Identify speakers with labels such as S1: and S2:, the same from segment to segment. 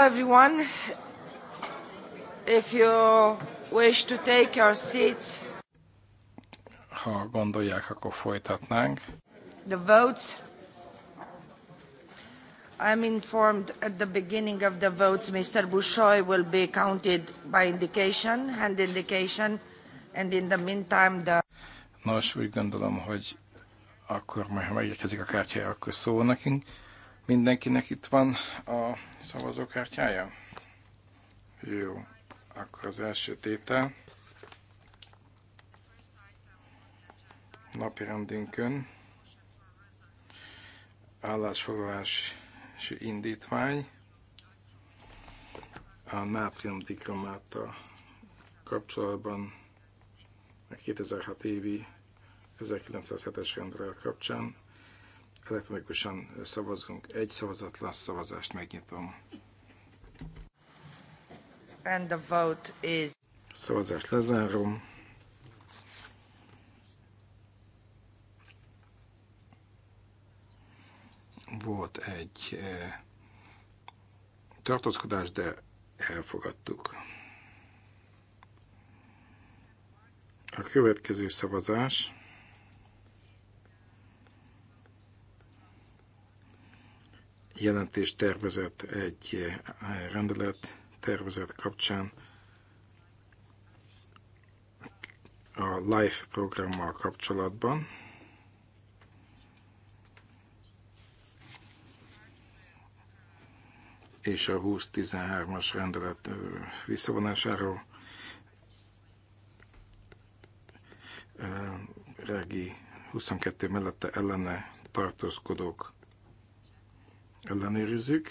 S1: everyone. If you wish to take your seats.
S2: Ha gondolják, akkor folytatnánk.
S1: The votes. I'm informed at the beginning of the votes, Mr. Bushoy will be counted by indication, hand indication, and in the meantime the...
S2: Nos, úgy gondolom, hogy akkor, ha megérkezik a kártya, akkor szól nekünk. Mindenkinek itt van a szavazókártyája? Jó, akkor az első tétel. Napirendünkön állásfoglalási indítvány a nátriumdikromáta kapcsolatban a 2006 évi 1907-es rendelet kapcsán elektronikusan szavazunk. Egy szavazatlan szavazást megnyitom.
S1: And the vote is...
S2: Szavazást lezárom. Volt egy eh, tartózkodás, de elfogadtuk. A következő szavazás jelentés tervezett egy eh, rendelet tervezet kapcsán a LIFE programmal kapcsolatban. és a 2013-as rendelet eh, visszavonásáról eh, regi 22 mellette ellene tartózkodók ellenőrizzük.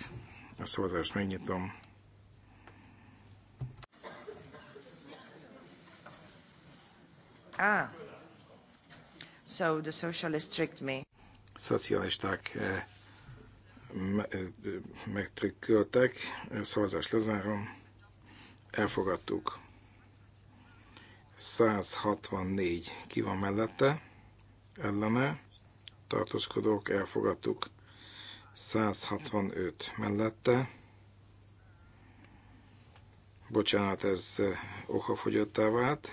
S2: A szavazást megnyitom.
S1: Ah, so the socialists tricked me.
S2: Szocialisták eh, eh, megtrükköltek, szavazást lezárom, elfogadtuk. 164 ki van mellette, ellene, tartózkodók, elfogadtuk. 165 mellette. Bocsánat, ez eh, okafogyottá vált.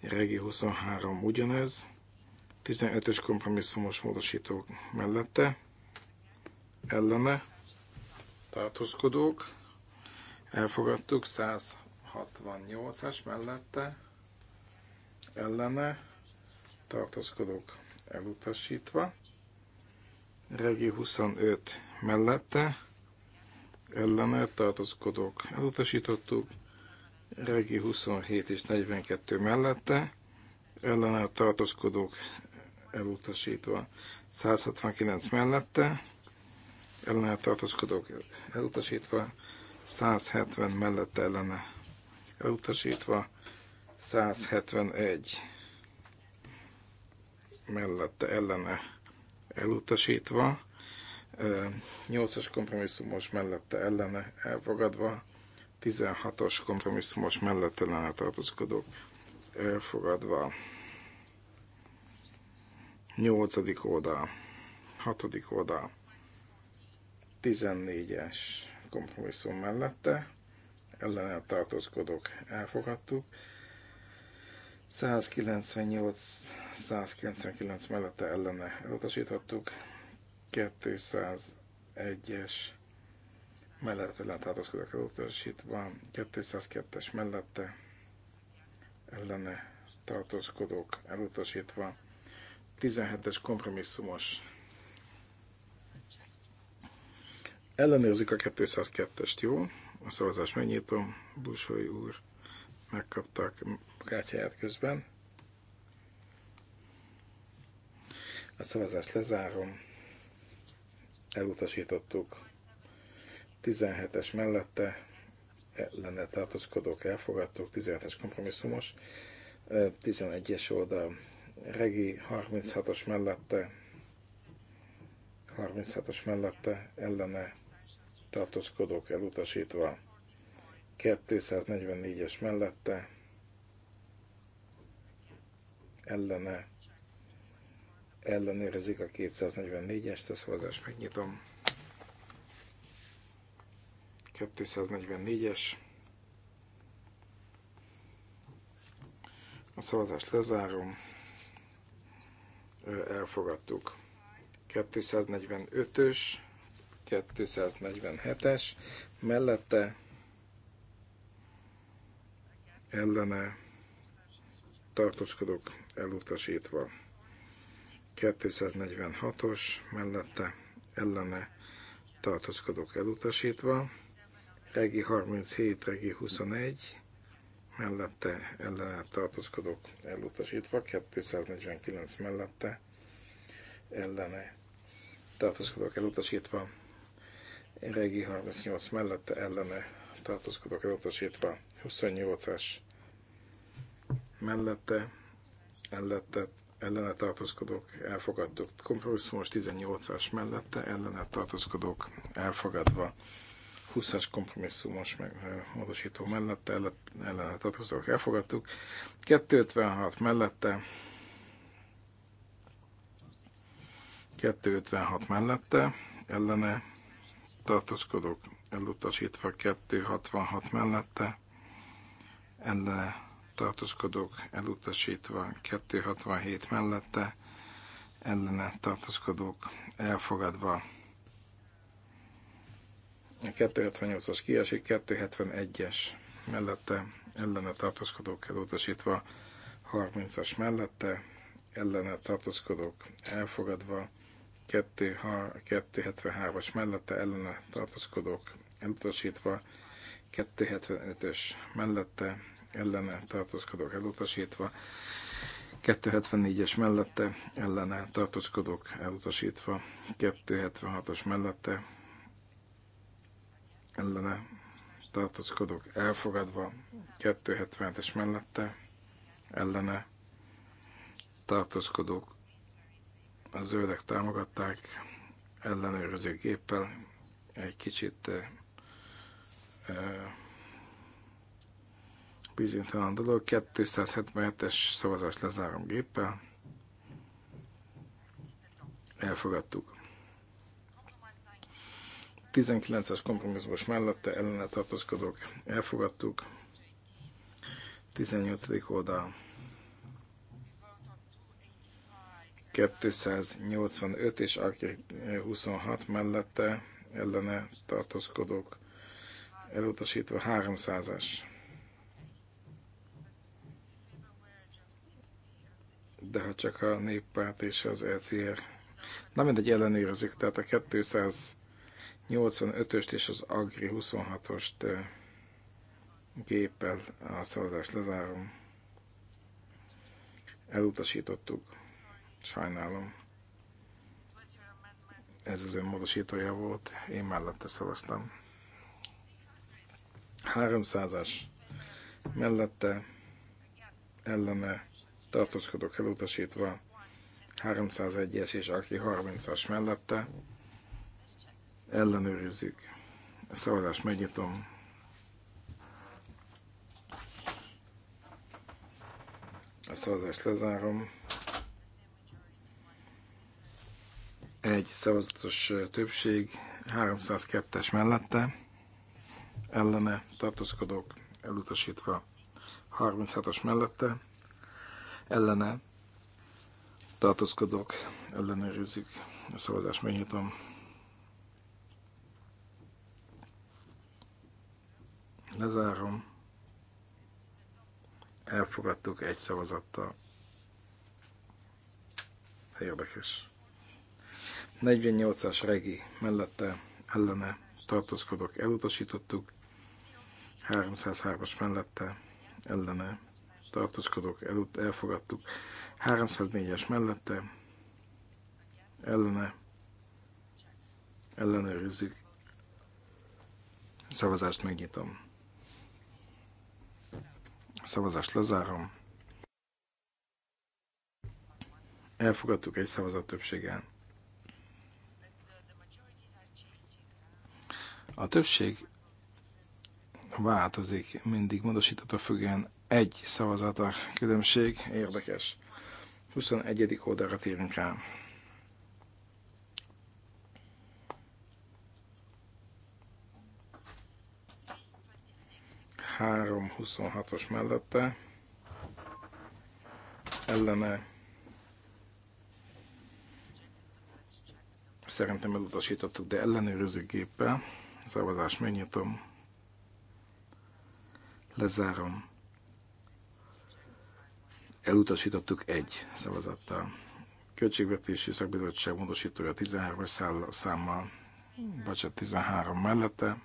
S2: Regi 23 ugyanez. 15-ös kompromisszumos módosítók mellette. Ellene. Tartózkodók. Elfogadtuk 168-as mellette. Ellene. Tartózkodók elutasítva. Regi 25 mellette, ellene tartozkodók elutasítottuk, Regi 27 és 42 mellette, ellene tartozkodók elutasítva, 169 mellette, ellene tartozkodók elutasítva, 170 mellette ellene elutasítva, 171 mellette ellene elutasítva, 8-as kompromisszumos mellette ellene elfogadva, 16-os kompromisszumos mellett ellene tartózkodók elfogadva, 8. oldal, 6. oldal, 14-es kompromisszum mellette, ellene tartózkodók elfogadtuk, 198-199 mellette ellene elutasítottuk, 201-es mellett ellentartózkodók elutasítva, 202-es mellette ellene tartózkodók elutasítva, 17-es kompromisszumos ellenőrzik a 202-est, jó? A szavazás megnyitom, Busoly úr megkaptak kártyáját közben. A szavazást lezárom. Elutasítottuk. 17-es mellette ellene tartózkodók elfogadtuk, 17-es kompromisszumos, 11-es oldal regi 36-os mellette, 36-os mellette ellene tartózkodók elutasítva, 244-es mellette ellene ellenőrzik a 244-est, a szavazást megnyitom. 244-es. A szavazást lezárom. Elfogadtuk. 245-ös, 247-es, mellette ellene tartózkodok elutasítva. 246-os mellette ellene tartózkodok elutasítva. Regi 37, Regi 21 mellette ellene tartózkodok elutasítva. 249 mellette ellene tartózkodok elutasítva. Regi 38 mellette ellene tartózkodok elutasítva. 28-as mellette ellette, ellene tartózkodók elfogadók. Kompromisszumos 18-as mellette ellene tartózkodók elfogadva. 20-as kompromisszumos meg, módosító mellette ellene tartózkodók elfogadtuk. 256 mellette 256 mellette ellene tartózkodók elutasítva 266 mellette ellene tartózkodók elutasítva, 267 mellette, ellene tartózkodók elfogadva. A 278 as kiesik, 271-es mellette, ellene tartózkodók elutasítva, 30-as mellette, ellene tartózkodók elfogadva, 273-as mellette ellene tartózkodók elutasítva, 275-ös mellette ellene tartózkodók elutasítva, 274-es mellette ellene tartózkodók elutasítva, 276-os mellette ellene tartózkodók elfogadva, 277-es mellette ellene tartózkodók a zöldek támogatták ellenőrző géppel egy kicsit uh, bizonytalan dolog. 277-es szavazást lezárom géppel. Elfogadtuk. 19-es kompromisszumos mellette ellene tartozkodok. elfogadtuk. 18. oldal. 285 és Agri 26 mellette ellene tartozkodok. elutasítva 300-as de ha csak a néppárt és az LCR, e na mindegy, ellenőrzik, tehát a 285-öst és az Agri 26-ost géppel a szavazást lezárom. Elutasítottuk. Sajnálom. Ez az ön módosítója volt, én mellette szavaztam. 300-as mellette ellene tartózkodók elutasítva, 301-es és aki 30-as mellette, ellenőrizzük. A szavazást megnyitom. A szavazást lezárom. Egy szavazatos többség, 302-es mellette, ellene tartózkodók elutasítva, 36-os mellette, ellene tartózkodok, ellenőrizik A szavazást megnyitom. Lezárom. Elfogadtuk egy szavazattal. Érdekes. 48-as regi mellette ellene tartózkodok, elutasítottuk. 303-as mellette ellene tartózkodók előtt elfogadtuk. 304-es mellette ellene ellenőrizzük. Szavazást megnyitom. Szavazást lezárom. Elfogadtuk egy szavazat többséggel A többség változik mindig a függően egy szavazat a különbség, érdekes. 21. oldalra térünk rá. Három 26-os mellette ellene szerintem elutasítottuk, de ellenőrző géppel Szavazás megnyitom, lezárom elutasítottuk egy szavazattal. Költségvetési szakbizottság módosítója 13-as számmal, vagy 13 mellette.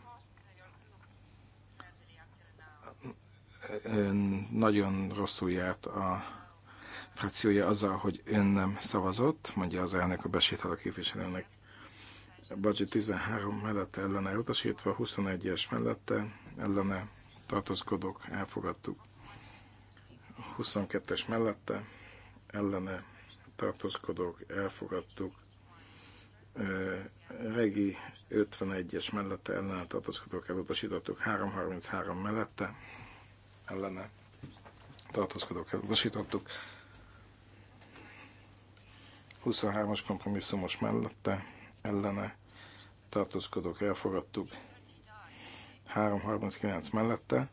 S2: Ön nagyon rosszul járt a frakciója azzal, hogy ön nem szavazott, mondja az elnök a besétál a képviselőnek. 13 mellette ellene utasítva, 21-es mellette ellene tartózkodók elfogadtuk. 22-es mellette ellene tartózkodók elfogadtuk. Regi 51-es mellette ellene tartózkodók elutasítottuk. 333 mellette ellene tartózkodók elutasítottuk. 23-as kompromisszumos mellette ellene tartózkodók elfogadtuk. 339 mellette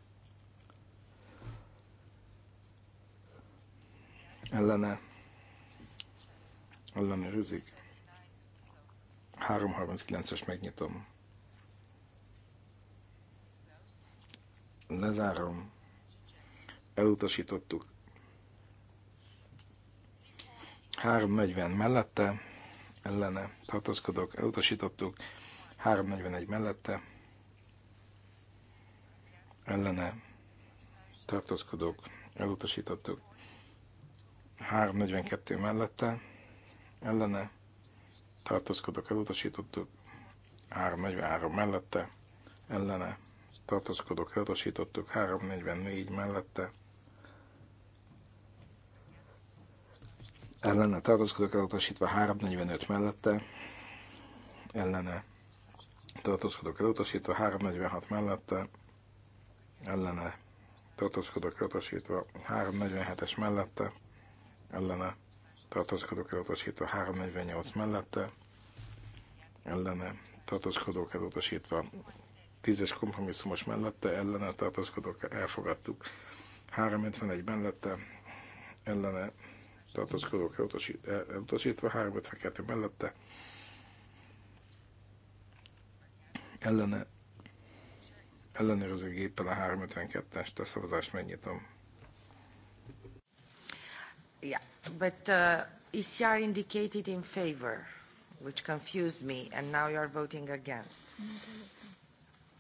S2: ellene ellenőrizik. 3.39-es megnyitom. Lezárom. Elutasítottuk. 3.40 mellette, ellene tartozkodok, elutasítottuk. 3.41 mellette, ellene tartozkodok, elutasítottuk. 342 mellette, ellene, tartózkodok, elutasítottuk, 343 mellette, ellene, tartózkodok, elutasítottuk, 344 mellette, ellene tartózkodok elutasítva 345 mellette, ellene tartózkodok elutasítva 346 mellette, ellene tartózkodok elutasítva 347-es mellette, ellene tartózkodók elutasítva 348 mellette, ellene tartózkodók elutasítva 10-es kompromisszumos mellette, ellene tartózkodók elfogadtuk 351 mellette, ellene tartózkodók elutasítva 352 mellette, ellene ellenőrző géppel a 352 es a szavazást megnyitom.
S1: Yeah, but uh, ECR indicated in favor, which confused me, and now you are voting against.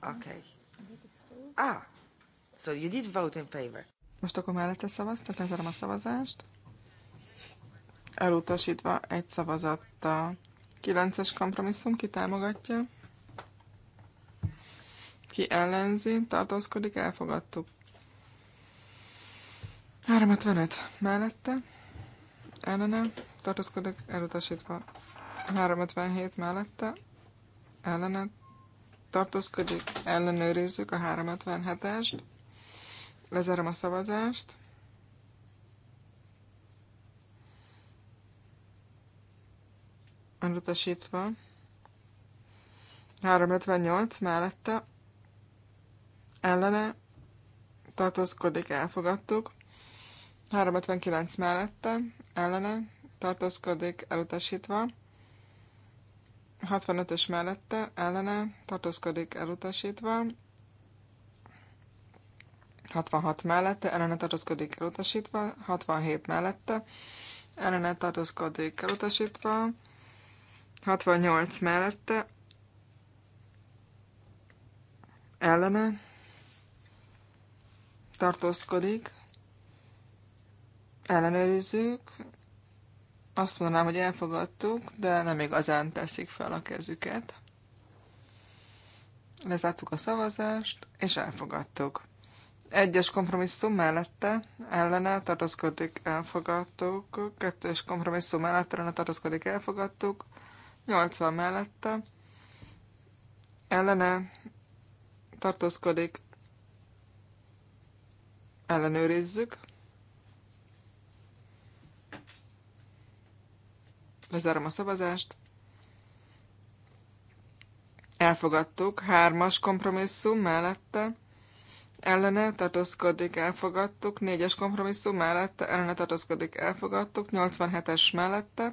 S3: Okay. Ah, so you did vote in favor. Most akkor mellette szavaztak, lezárom a szavazást. Elutasítva egy szavazattal. 9-es kompromisszum, ki támogatja? Ki ellenzi, tartózkodik, elfogadtuk. 355 mellette, ellene, tartózkodik, elutasítva. 357 mellette, ellene, tartózkodik, ellenőrizzük a 357-est, lezárom a szavazást, elutasítva, 358 mellette, ellene, tartózkodik, elfogadtuk, 359 mellette, ellene, tartózkodik, elutasítva. 65-ös mellette, ellene, tartózkodik, elutasítva. 66 mellette, ellene tartózkodik elutasítva, 67 mellette, ellene tartózkodik elutasítva, 68 mellette, ellene tartózkodik, ellenőrizzük. Azt mondanám, hogy elfogadtuk, de nem igazán teszik fel a kezüket. Lezártuk a szavazást, és elfogadtuk. Egyes kompromisszum mellette ellene tartozkodik, elfogadtuk. Kettős kompromisszum mellette ellene tartozkodik, elfogadtuk. 80 mellette ellene tartozkodik. ellenőrizzük. Lezárom a szavazást. Elfogadtuk. Hármas kompromisszum mellette. Ellene tartózkodik, elfogadtuk. Négyes kompromisszum mellette. Ellene tartózkodik, elfogadtuk. 87-es mellette.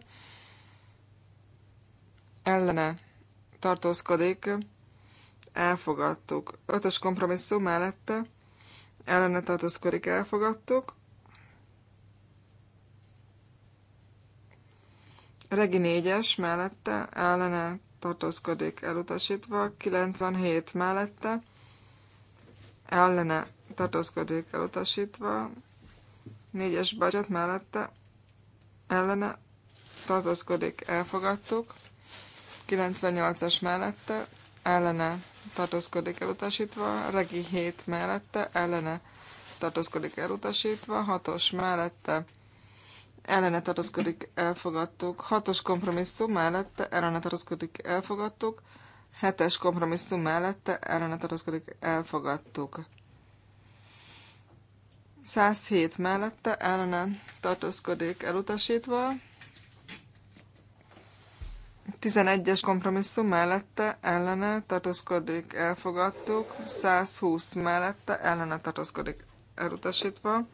S3: Ellene tartózkodik, elfogadtuk. Ötös kompromisszum mellette. Ellene tartózkodik, elfogadtuk. Regi 4-es mellette ellene tartózkodik elutasítva, 97 mellette ellene tartózkodik elutasítva, 4-es budget mellette ellene tartózkodik elfogadtuk, 98-as mellette ellene tartózkodik elutasítva, Regi 7 mellette ellene tartózkodik elutasítva, 6-os mellette ellene tartózkodik, elfogadtuk. Hatos kompromisszum mellette ellene tartózkodik, elfogadtuk. Hetes kompromisszum mellette ellene tartózkodik, elfogadtuk. 107 mellette ellene tartózkodik elutasítva. 11-es kompromisszum mellette ellene tartózkodik elfogadtuk, 120 mellette ellene tartózkodik elutasítva,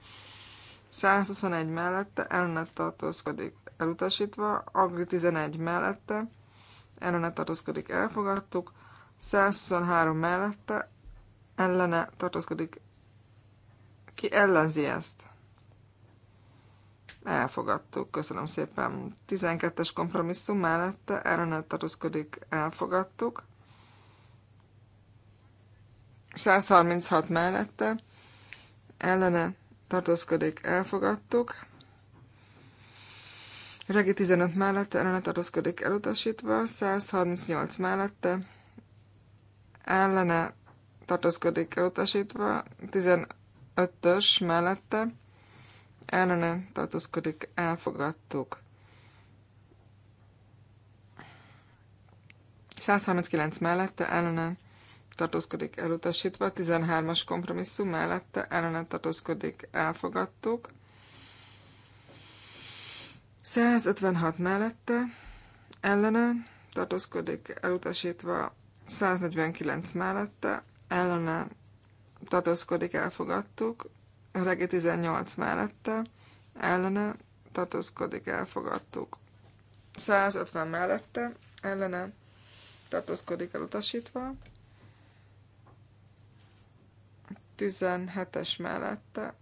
S3: 121 mellette ellenet tartózkodik elutasítva, Agri 11 mellette ellenet tartózkodik elfogadtuk, 123 mellette ellene tartózkodik. Ki ellenzi ezt? Elfogadtuk, köszönöm szépen. 12-es kompromisszum mellette ellenet tartózkodik, elfogadtuk. 136 mellette ellene tartózkodik, elfogadtuk. Regi 15 mellette, ellene tartózkodik, elutasítva. 138 mellette, ellene tartózkodik, elutasítva. 15-ös mellette, ellene tartózkodik, elfogadtuk. 139 mellette, ellene tartózkodik elutasítva, 13-as kompromisszum mellette ellenet tartózkodik elfogadtuk, 156 mellette ellene tartózkodik elutasítva, 149 mellette ellene tartózkodik elfogadtuk, regi 18 mellette ellene tartózkodik elfogadtuk, 150 mellette ellene tartózkodik elutasítva, 17-es mellette.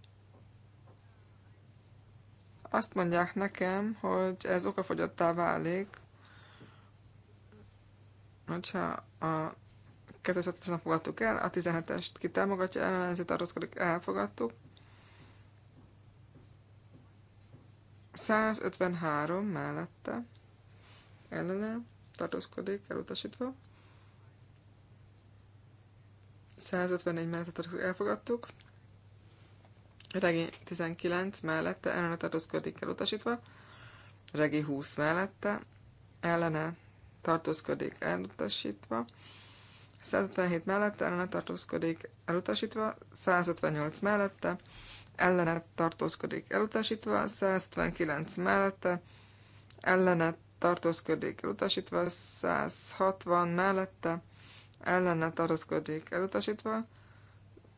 S3: Azt mondják nekem, hogy ez okafogyottá válik, hogyha a 2007 nap fogadtuk el, a 17-est ki támogatja, ellenzi, tartózkodik, elfogadtuk. 153 mellette ellene tartózkodik, elutasítva. 151 mellett elfogadtuk. Regi 19 mellette ellene tartózkodik elutasítva. Regi 20 mellette ellene tartózkodik elutasítva. 157 mellette ellene tartózkodik elutasítva. 158 mellette ellene tartózkodik elutasítva. 159 mellette ellene tartózkodik elutasítva. 160 mellette ellene tartózkodik elutasítva,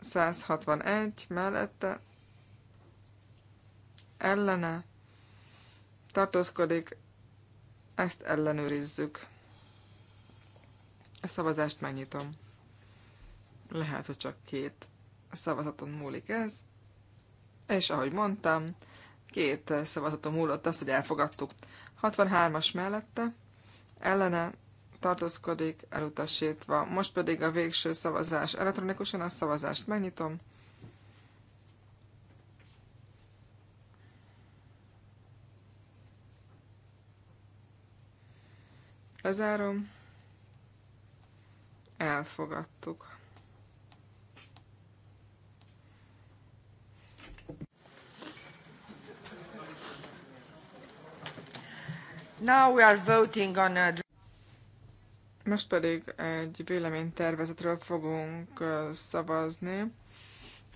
S3: 161 mellette ellene tartózkodik, ezt ellenőrizzük. A szavazást megnyitom. Lehet, hogy csak két szavazaton múlik ez. És ahogy mondtam, két szavazaton múlott az, hogy elfogadtuk. 63-as mellette ellene tartózkodik, elutasítva. Most pedig a végső szavazás. Elektronikusan a szavazást megnyitom. Lezárom. Elfogadtuk. Now we are voting on a uh, most pedig egy véleménytervezetről fogunk szavazni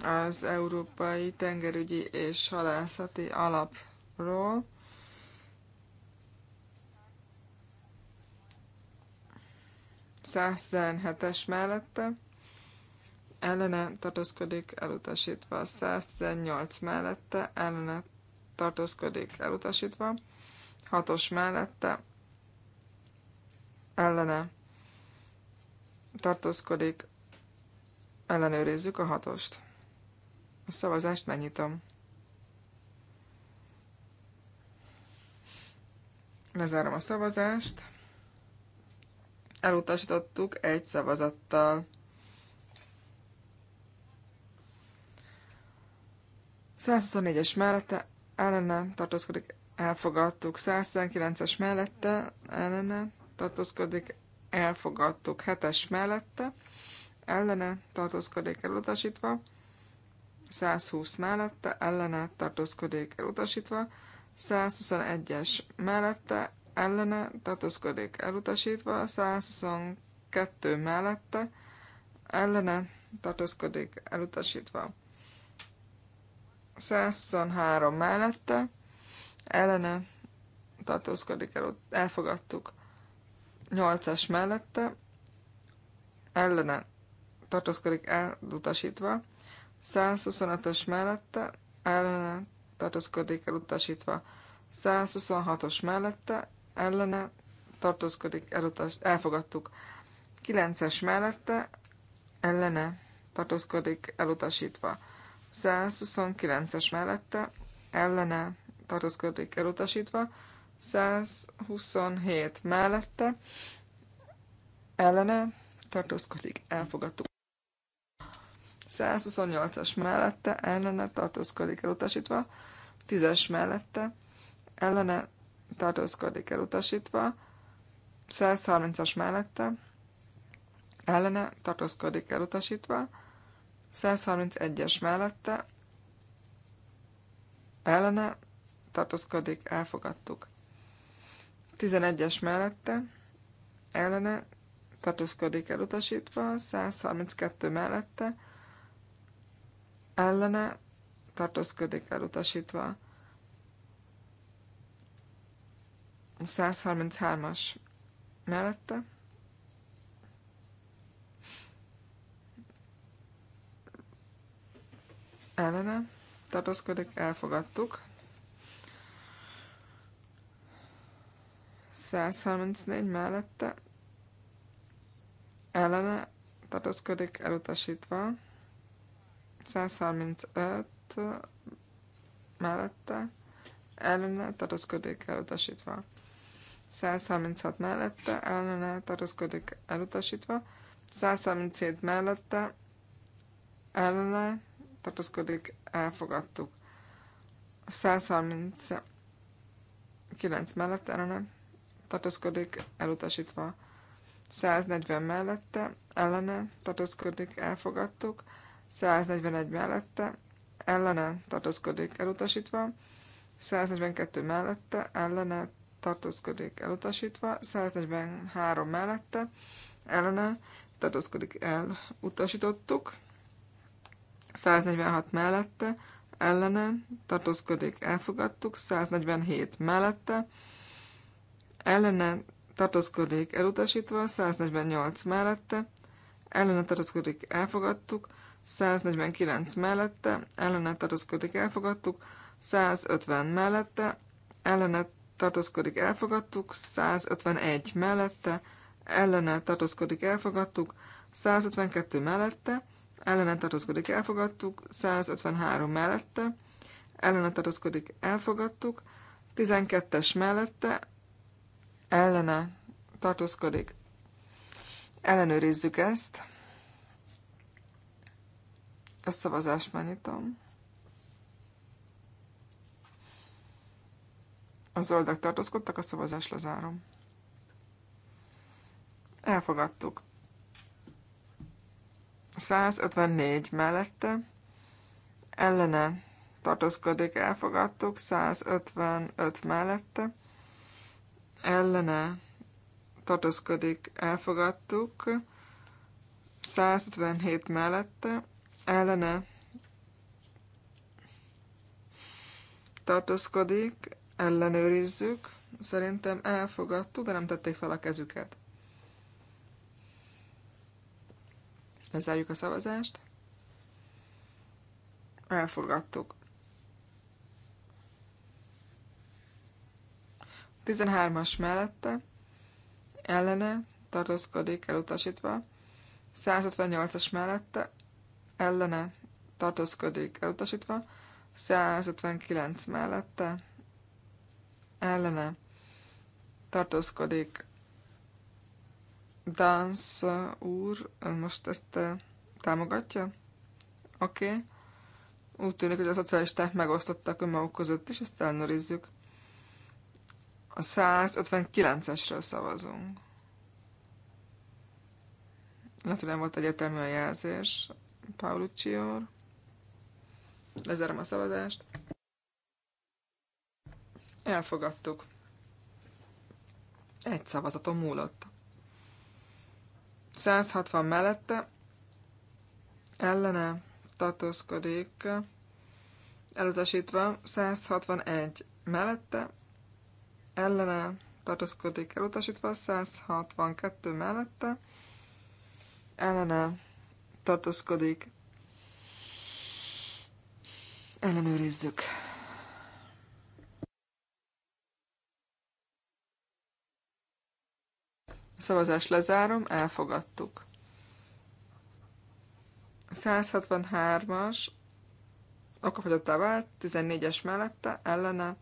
S3: az Európai Tengerügyi és Halászati Alapról. es mellette ellene tartózkodik elutasítva, 118 mellette ellene tartózkodik elutasítva, 6-os mellette ellene tartózkodik, ellenőrizzük a hatost. A szavazást megnyitom. Lezárom a szavazást. Elutasítottuk egy szavazattal. es mellette ellene tartózkodik, elfogadtuk. 119-es mellette ellene tartózkodik, elfogadtuk hetes mellette, ellene tartózkodék elutasítva, 120 mellette, ellene tartózkodék elutasítva, 121-es mellette, ellene tartózkodék elutasítva, 122 mellette, ellene tartózkodik elutasítva. 123 mellette, ellene tartózkodik elutasítva, elfogadtuk. 8-as mellette ellene tartózkodik elutasítva, 125-ös mellette ellene tartózkodik elutasítva, 126-os mellette ellene tartózkodik elutas, elfogadtuk, 9-es mellette ellene tartózkodik elutasítva, 129-es mellette ellene tartózkodik elutasítva, 127 mellette, ellene tartózkodik, elfogadtuk. 128-as mellette, ellene tartózkodik elutasítva, 10-es mellette, ellene tartózkodik elutasítva, 130-as mellette, ellene tartózkodik elutasítva, 131-es mellette, ellene tartózkodik, elfogadtuk. 11-es mellette ellene tartózkodik elutasítva, 132 mellette ellene tartózkodik elutasítva. 133-as mellette. Ellene tartózkodik, elfogadtuk. 134 mellette ellene tartózkodik elutasítva, 135 mellette ellene tartózkodik elutasítva, 136 mellette ellene tartózkodik elutasítva, 137 mellette ellene tartózkodik elfogadtuk, 139 mellett ellene tartózkodik, elutasítva. 140 mellette, ellene tartózkodik, elfogadtuk. 141 mellette, ellene tartózkodik, elutasítva. 142 mellette, ellene tartózkodik, elutasítva. 143 mellette, ellene tartózkodik, elutasítottuk. 146 mellette, ellene tartózkodik, elfogadtuk. 147 mellette, ellene tartózkodik elutasítva, 148 mellette, ellene tartózkodik elfogadtuk, 149 mellette, ellene tartózkodik elfogadtuk, 150 mellette, ellene tartózkodik elfogadtuk, 151 mellette, ellene tartózkodik elfogadtuk, 152 mellette, ellene tartózkodik elfogadtuk, 153 mellette, ellene tartózkodik elfogadtuk, 12-es mellette, ellene tartózkodik. Ellenőrizzük ezt. A szavazást megnyitom. A zöldek tartózkodtak, a szavazást lezárom. Elfogadtuk. 154 mellette, ellene tartózkodik, elfogadtuk, 155 mellette, ellene tartózkodik, elfogadtuk. 157 mellette ellene tartózkodik, ellenőrizzük. Szerintem elfogadtuk, de nem tették fel a kezüket. Lezárjuk a szavazást. Elfogadtuk. 13-as mellette ellene tartózkodik elutasítva, 158-as mellette ellene tartózkodik elutasítva, 159 mellette ellene tartózkodik Dansz úr, ön most ezt eh, támogatja? Oké. Okay. Úgy tűnik, hogy a szocialisták megosztottak önmaguk között is, ezt ellenőrizzük. A 159-esről szavazunk. Lehet, hogy nem volt egyetemű a jelzés. Paulucci úr. Lezárom a szavazást. Elfogadtuk. Egy szavazaton múlott. 160 mellette ellene tartózkodik, elutasítva 161 mellette ellene tartózkodik elutasítva, 162 mellette ellene tartózkodik, ellenőrizzük. A szavazást lezárom, elfogadtuk. 163-as okafogyottá vált, 14-es mellette, ellene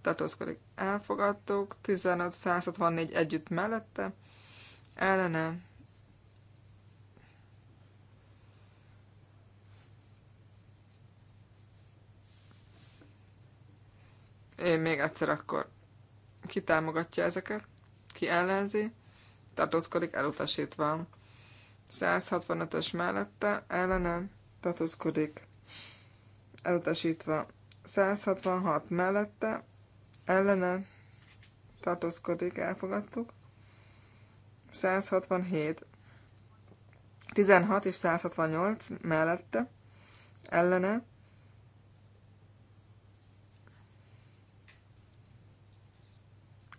S3: tartózkodik, elfogadtuk, 15-164 együtt mellette, ellene, én még egyszer akkor ki támogatja ezeket, ki ellenzi, tartózkodik elutasítva. 165-ös mellette ellene tartózkodik elutasítva. 166 mellette ellene tartózkodik, elfogadtuk. 167, 16 és 168 mellette, ellene,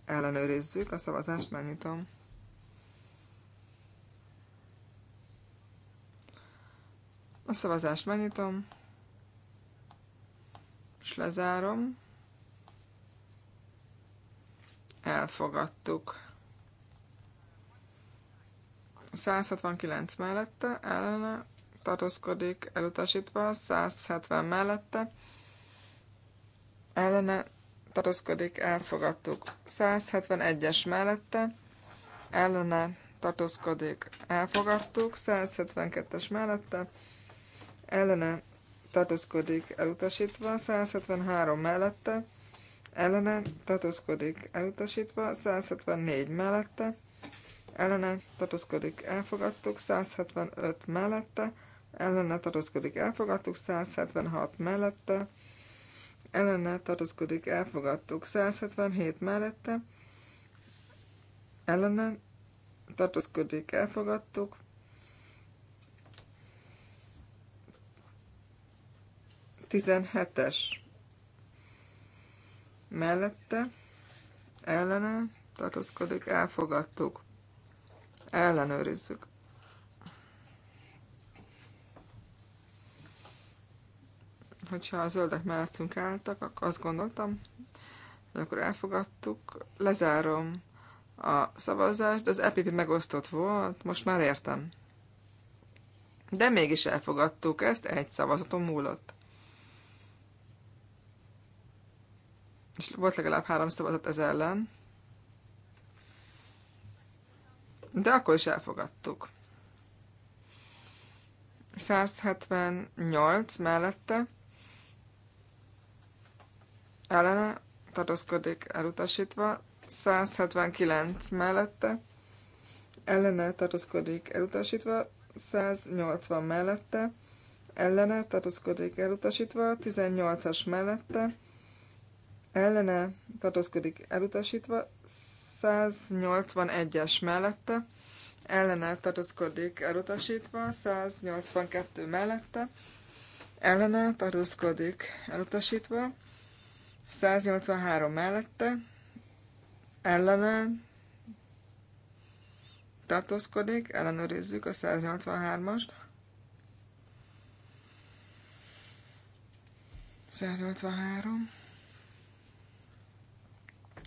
S3: ellenőrizzük, a szavazást megnyitom. A szavazást megnyitom, és lezárom elfogadtuk. 169 mellette, ellene tartózkodik, elutasítva, 170 mellette, ellene tartózkodik, elfogadtuk. 171-es mellette, ellene tartózkodik, elfogadtuk. 172-es mellette, ellene tartózkodik, elutasítva, 173 mellette, ellene tartózkodik elutasítva, 174 mellette, ellene tartózkodik elfogadtuk, 175 mellette, ellene tartózkodik elfogadtuk, 176 mellette, ellene tartózkodik elfogadtuk, 177 mellette, ellene tartózkodik elfogadtuk, 17-es mellette, ellene, tartózkodik, elfogadtuk, ellenőrizzük. Hogyha a zöldek mellettünk álltak, akkor azt gondoltam, hogy akkor elfogadtuk, lezárom a szavazást, az EPP megosztott volt, most már értem. De mégis elfogadtuk ezt, egy szavazaton múlott. és volt legalább három szavazat ez ellen, de akkor is elfogadtuk. 178 mellette ellene tartózkodik elutasítva, 179 mellette ellene tartózkodik elutasítva, 180 mellette ellene tartózkodik elutasítva, 18-as mellette ellene tartózkodik elutasítva, 181-es mellette, ellene tartózkodik elutasítva, 182 mellette, ellene tartózkodik elutasítva, 183 mellette, ellene tartózkodik, ellenőrizzük a 183-ast. 183.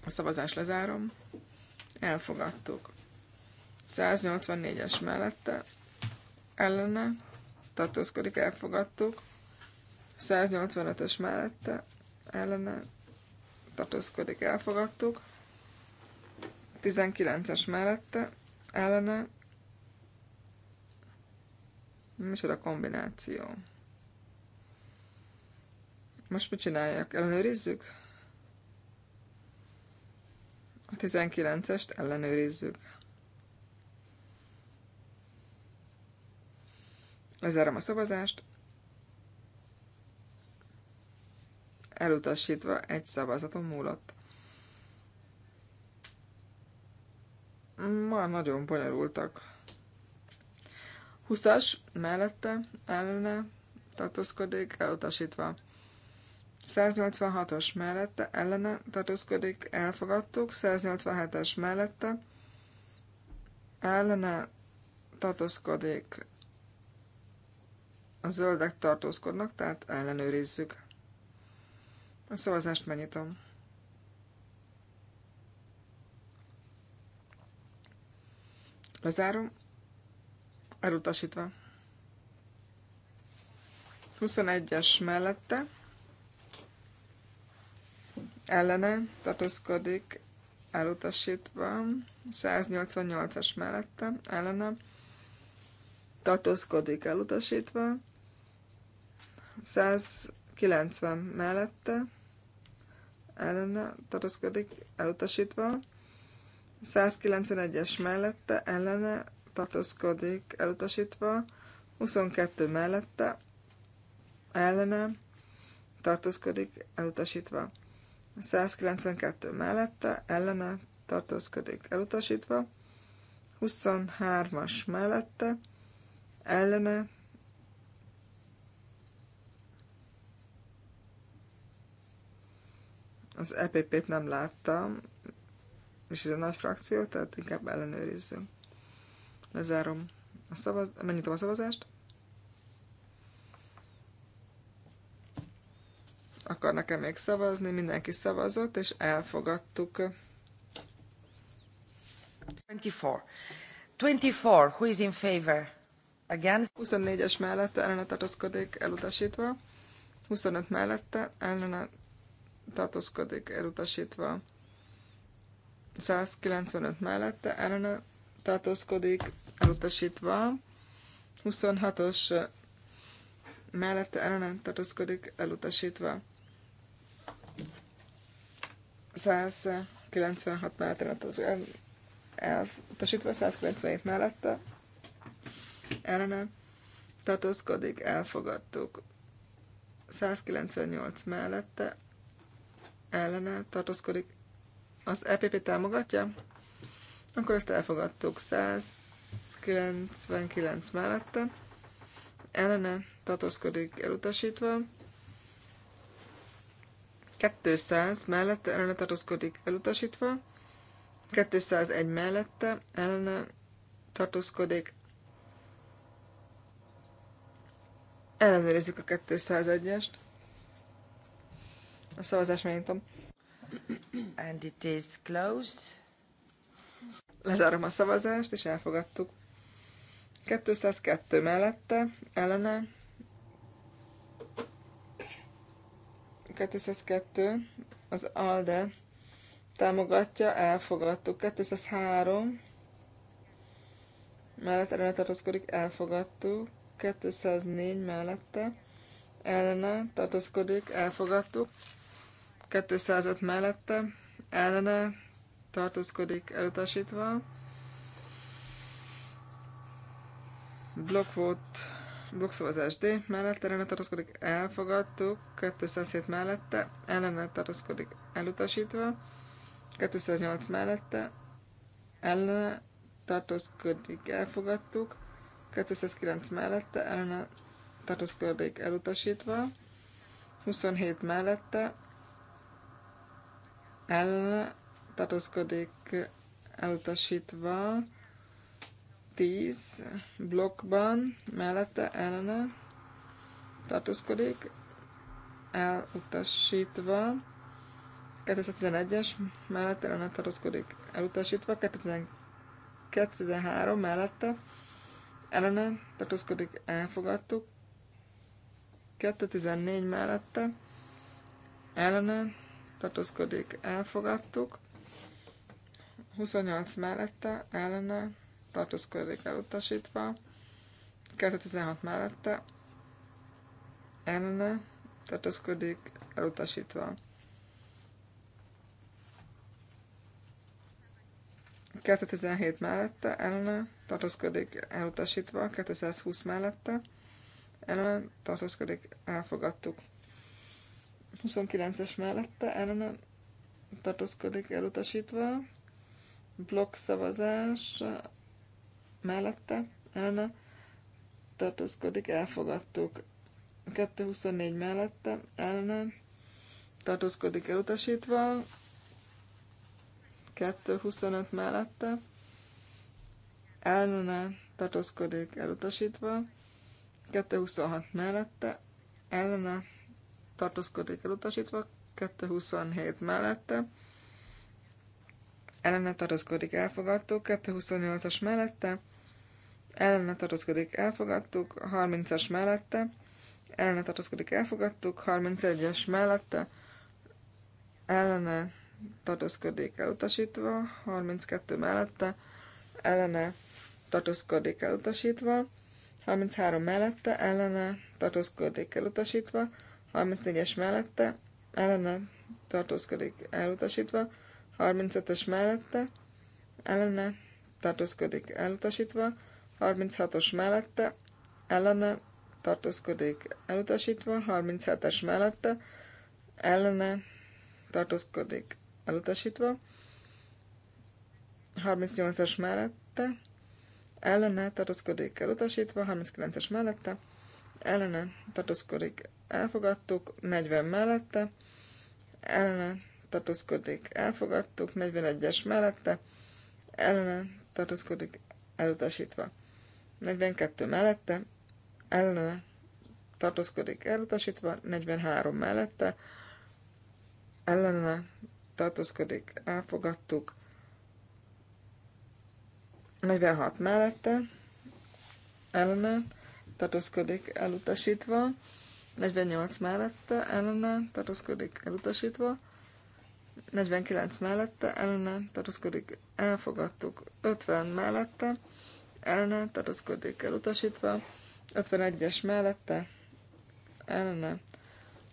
S3: A szavazás lezárom. Elfogadtuk. 184-es mellette ellene tartózkodik, elfogadtuk. 185-ös mellette ellene tartózkodik, elfogadtuk. 19-es mellette ellene a kombináció. Most mit csináljak? Ellenőrizzük? A 19-est ellenőrizzük. Lezárom a szavazást. Elutasítva egy szavazaton múlott. Már nagyon bonyolultak. 20-as mellette ellene tartózkodik, elutasítva. 186-os mellette ellene tartózkodik, elfogadtuk. 187-es mellette ellene tartózkodik, a zöldek tartózkodnak, tehát ellenőrizzük. A szavazást megnyitom. Lezárom. Elutasítva. 21-es mellette ellene tartózkodik elutasítva, 188-as mellette ellene tartózkodik elutasítva, 190 mellette ellene tartózkodik elutasítva, 191-es mellette ellene tartózkodik elutasítva, 22 mellette ellene tartózkodik elutasítva. 192 mellette, ellene tartózkodik elutasítva, 23-as mellette, ellene az EPP-t nem láttam, és ez egy nagy frakció, tehát inkább ellenőrizzünk. Lezárom a szavaz... a szavazást. akarnak-e még szavazni, mindenki szavazott, és elfogadtuk. 24. 24. Who is in favor? Against? 24-es mellette ellene tartózkodik, elutasítva. 25 mellette ellene tartózkodik, elutasítva. 195 mellette ellene tartózkodik, elutasítva. 26-os mellette ellene tartózkodik, elutasítva. 196 mellett az el, elutasítva, 197 mellette ellene tartózkodik, elfogadtuk. 198 mellette ellene tartózkodik, az EPP támogatja, akkor ezt elfogadtuk. 199 mellette ellene tartózkodik elutasítva, 200 mellette ellene tartózkodik elutasítva, 201 mellette ellene tartózkodik. Ellenőrizzük a 201-est. A szavazás megintom. And it is closed. Lezárom a szavazást, és elfogadtuk. 202 mellette, ellene 202 az ALDE támogatja, elfogadtuk. 203 mellett ellene tartózkodik, elfogadtuk. 204 mellette ellene tartózkodik, elfogadtuk. 205 mellette ellene tartózkodik, elutasítva. volt Boxolás SD mellette, ellene tartózkodik, elfogadtuk. 207 mellette ellene tartózkodik, elutasítva. 208 mellette ellene tartózkodik, elfogadtuk. 209 mellette ellene tartózkodik, elutasítva. 27 mellette ellene tartózkodik, elutasítva. 10 blokkban mellette ellene tartózkodik, elutasítva, 211-es mellette ellene tartózkodik, elutasítva, 2013 mellette ellene tartózkodik, elfogadtuk, 214 mellette ellene tartózkodik, elfogadtuk, 28 mellette ellene tartózkodik elutasítva, 2016 mellette, ellene tartózkodik elutasítva. 2017 mellette, ellene tartózkodik elutasítva, 2020 mellette, ellene tartózkodik elfogadtuk. 29-es mellette, ellene tartózkodik elutasítva, blokk szavazás, mellette ellene tartózkodik, elfogadtuk. 224 mellette ellene tartózkodik elutasítva, 225 mellette ellene tartózkodik elutasítva, 226 mellette ellene tartózkodik elutasítva, 227 mellette ellene tartózkodik elfogadtuk. 228-as mellette ellene tartozkodik, elfogadtuk, 30-as mellette, ellene tartozkodik, elfogadtuk, 31-es mellette, ellene tartozkodik, elutasítva, 32 mellette, ellene tartozkodik, elutasítva, 33 mellette, ellene tartozkodik, elutasítva, 34-es mellette, ellene tartózkodik, elutasítva, 35-ös mellette, ellene tartózkodik, elutasítva, 36-os mellette, ellene tartózkodik elutasítva, 37-es mellette, ellene tartózkodik elutasítva, 38-as mellette, ellene tartózkodik elutasítva, 39-es mellette, ellene tartózkodik elfogadtuk, 40 mellette, ellene tartózkodik elfogadtuk, 41-es mellette, ellene tartózkodik elutasítva. 42 mellette, ellene tartózkodik elutasítva, 43 mellette, ellene tartózkodik, elfogadtuk, 46 mellette, ellene tartózkodik elutasítva, 48 mellette, ellene tartózkodik elutasítva, 49 mellette, ellene tartózkodik elfogadtuk, 50 mellette, ellene tartózkodik elutasítva, 51-es mellette ellene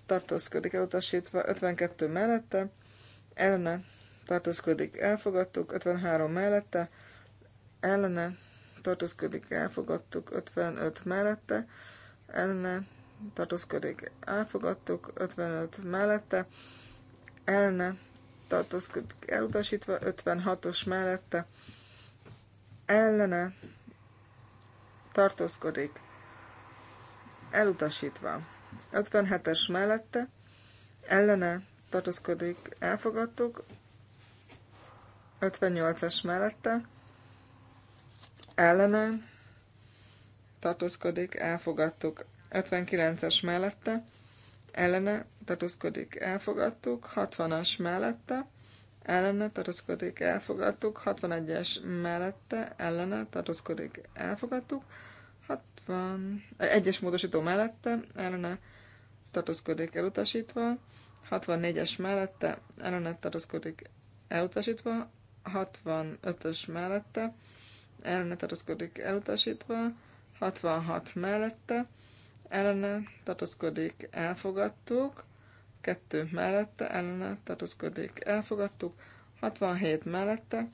S3: tartózkodik elutasítva, 52 mellette ellene tartózkodik elfogadtuk, 53 mellette ellene tartózkodik elfogadtuk, 55 mellette ellene tartózkodik elfogadtuk, 55 mellette ellene tartózkodik elutasítva, 56-os mellette ellene tartózkodik, elutasítva. 57-es mellette, ellene tartózkodik, elfogadtuk, 58-es mellette, ellene tartózkodik, elfogadtuk, 59-es mellette, ellene tartózkodik, elfogadtuk, 60-as mellette, ellene tartózkodik, elfogadtuk, 61-es mellette ellene tartózkodik, elfogadtuk, 60, egyes módosító mellette ellene tartózkodik, elutasítva, 64-es mellette ellene tartózkodik, elutasítva, 65-ös mellette ellene tartózkodik, elutasítva, 66 mellette ellene tartózkodik, elfogadtuk, 2 mellette, ellene tartózkodik, elfogadtuk, 67 mellette,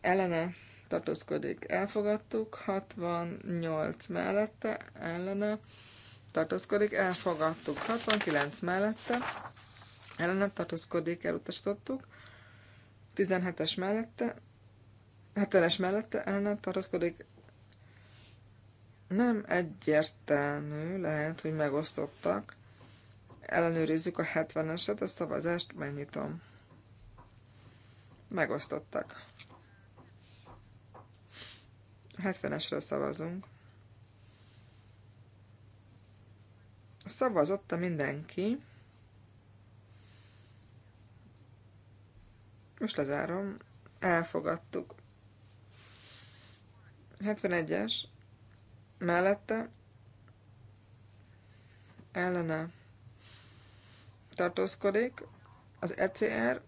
S3: ellene tartózkodik, elfogadtuk, 68 mellette, ellene tartózkodik, elfogadtuk, 69 mellette, ellene tartózkodik, elutasítottuk, 17-es mellette, 70-es mellette ellene tartózkodik, nem egyértelmű, lehet, hogy megosztottak, ellenőrizzük a 70-eset, a szavazást megnyitom. Megosztottak. 70-esről szavazunk. Szavazotta mindenki. Most lezárom. Elfogadtuk. 71-es. Mellette. Ellene tartózkodik, az ECR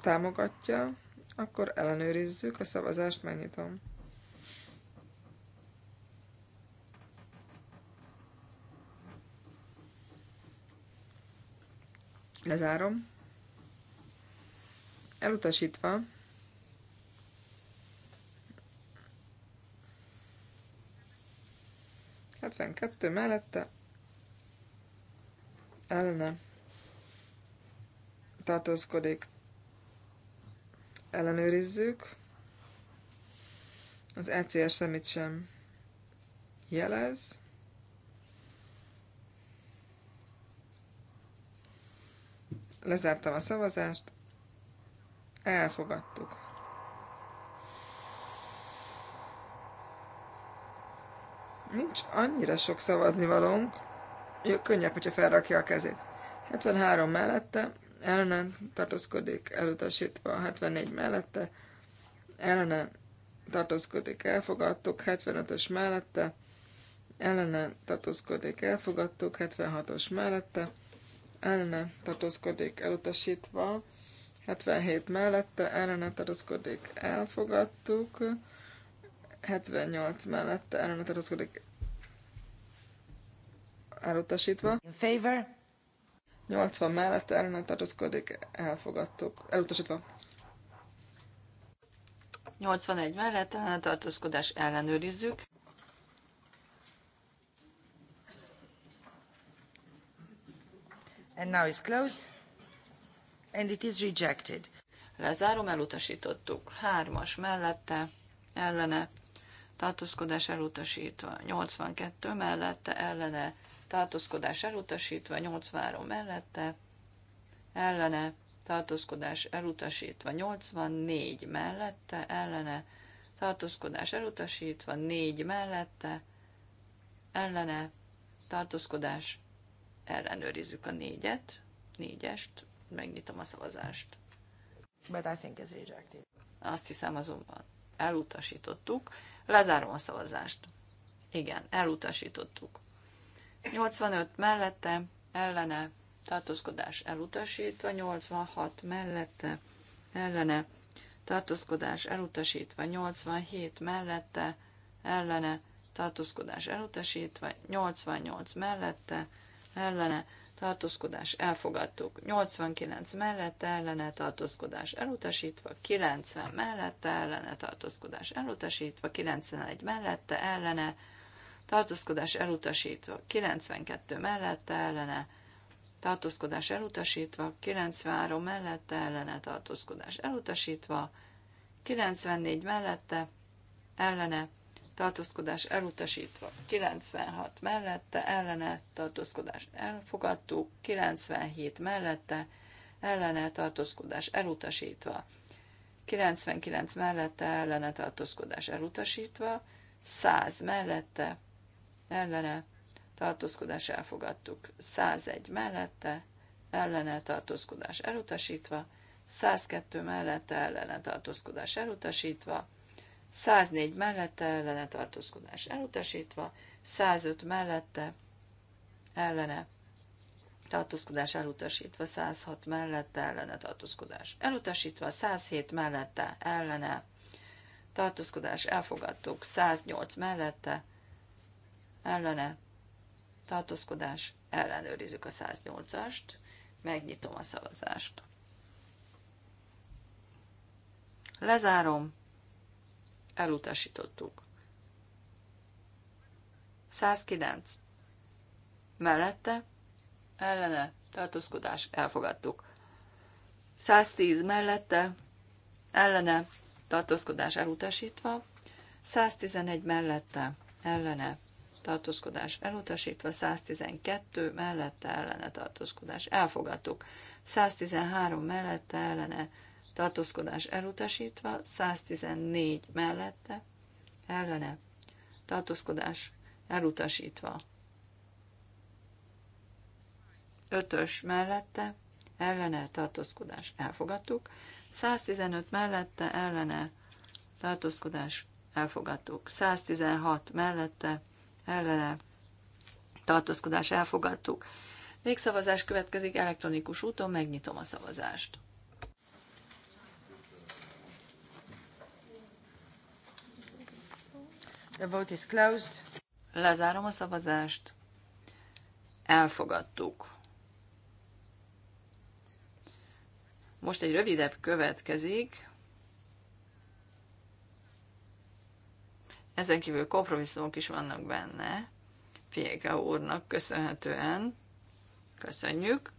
S3: támogatja, akkor ellenőrizzük, a szavazást megnyitom. Lezárom. Elutasítva. Hetvenkettő mellette. Ellene tartózkodik. Ellenőrizzük. Az ECR semmit sem jelez. Lezártam a szavazást. Elfogadtuk. Nincs annyira sok szavazni valónk. Könnyebb, hogyha felrakja a kezét. 73 mellette, ellene tartózkodik, elutasítva 74 mellette, ellene tartózkodik, elfogadtuk, 75-ös mellette, ellene tartózkodik, elfogadtuk, 76-os mellette, ellene tartózkodik, elutasítva, 77 mellette, ellene tartózkodik, elfogadtuk, 78 mellette, ellene tartózkodik, elutasítva. In favor? 80 mellett ellene tartózkodik,
S1: elfogadtuk, elutasítva. 81 mellett ellene tartózkodás ellenőrizzük. And now it's closed. And it is rejected. Lezárom, elutasítottuk. Hármas mellette, ellene, tartózkodás elutasítva. 82 mellette, ellene, tartózkodás elutasítva, 83 mellette, ellene, tartózkodás elutasítva, 84 mellette, ellene, tartózkodás elutasítva, 4 mellette, ellene, tartózkodás, ellenőrizzük a négyet, négyest, megnyitom a szavazást. But I think it's rejected. Azt hiszem azonban elutasítottuk. Lezárom a szavazást. Igen, elutasítottuk. 85 mellette, ellene, tartózkodás elutasítva, 86 mellette, ellene, tartózkodás elutasítva, 87 mellette, ellene, tartózkodás elutasítva, 88 mellette, ellene, tartózkodás elfogadtuk, 89 mellette, ellene, tartózkodás elutasítva, 90 mellette, ellene, tartózkodás elutasítva, 91 mellette, ellene, tartózkodás elutasítva 92 mellette ellene, tartózkodás elutasítva 93 mellette ellene, tartózkodás elutasítva 94 mellette ellene, tartózkodás elutasítva 96 mellette ellene, tartózkodás elfogadtuk 97 mellette ellene, tartózkodás elutasítva 99 mellette ellene tartózkodás elutasítva, 100 mellette ellene tartózkodás elfogadtuk. 101 mellette ellene tartózkodás elutasítva. 102 mellette ellene tartózkodás elutasítva. 104 mellette ellene tartózkodás elutasítva, 105 mellette ellene tartózkodás elutasítva, 106 mellette ellene tartózkodás elutasítva, 107 mellette ellene tartózkodás elfogadtuk, 108 mellette ellene, tartózkodás, ellenőrizzük a 108-ast, megnyitom a szavazást. Lezárom, elutasítottuk. 109. Mellette, ellene, tartózkodás, elfogadtuk. 110 mellette, ellene, tartózkodás elutasítva. 111 mellette, ellene, tartózkodás elutasítva, 112 mellette ellene tartózkodás elfogadtuk, 113 mellette ellene tartózkodás elutasítva, 114 mellette ellene tartózkodás elutasítva. 5-ös mellette ellene tartózkodás elfogadtuk, 115 mellette ellene tartózkodás elfogadtuk, 116 mellette ellene tartózkodás elfogadtuk. Végszavazás következik elektronikus úton, megnyitom a szavazást. The vote is closed. Lezárom a szavazást. Elfogadtuk. Most egy rövidebb következik, Ezen kívül kompromisszumok is vannak benne, Fieke úrnak köszönhetően. Köszönjük.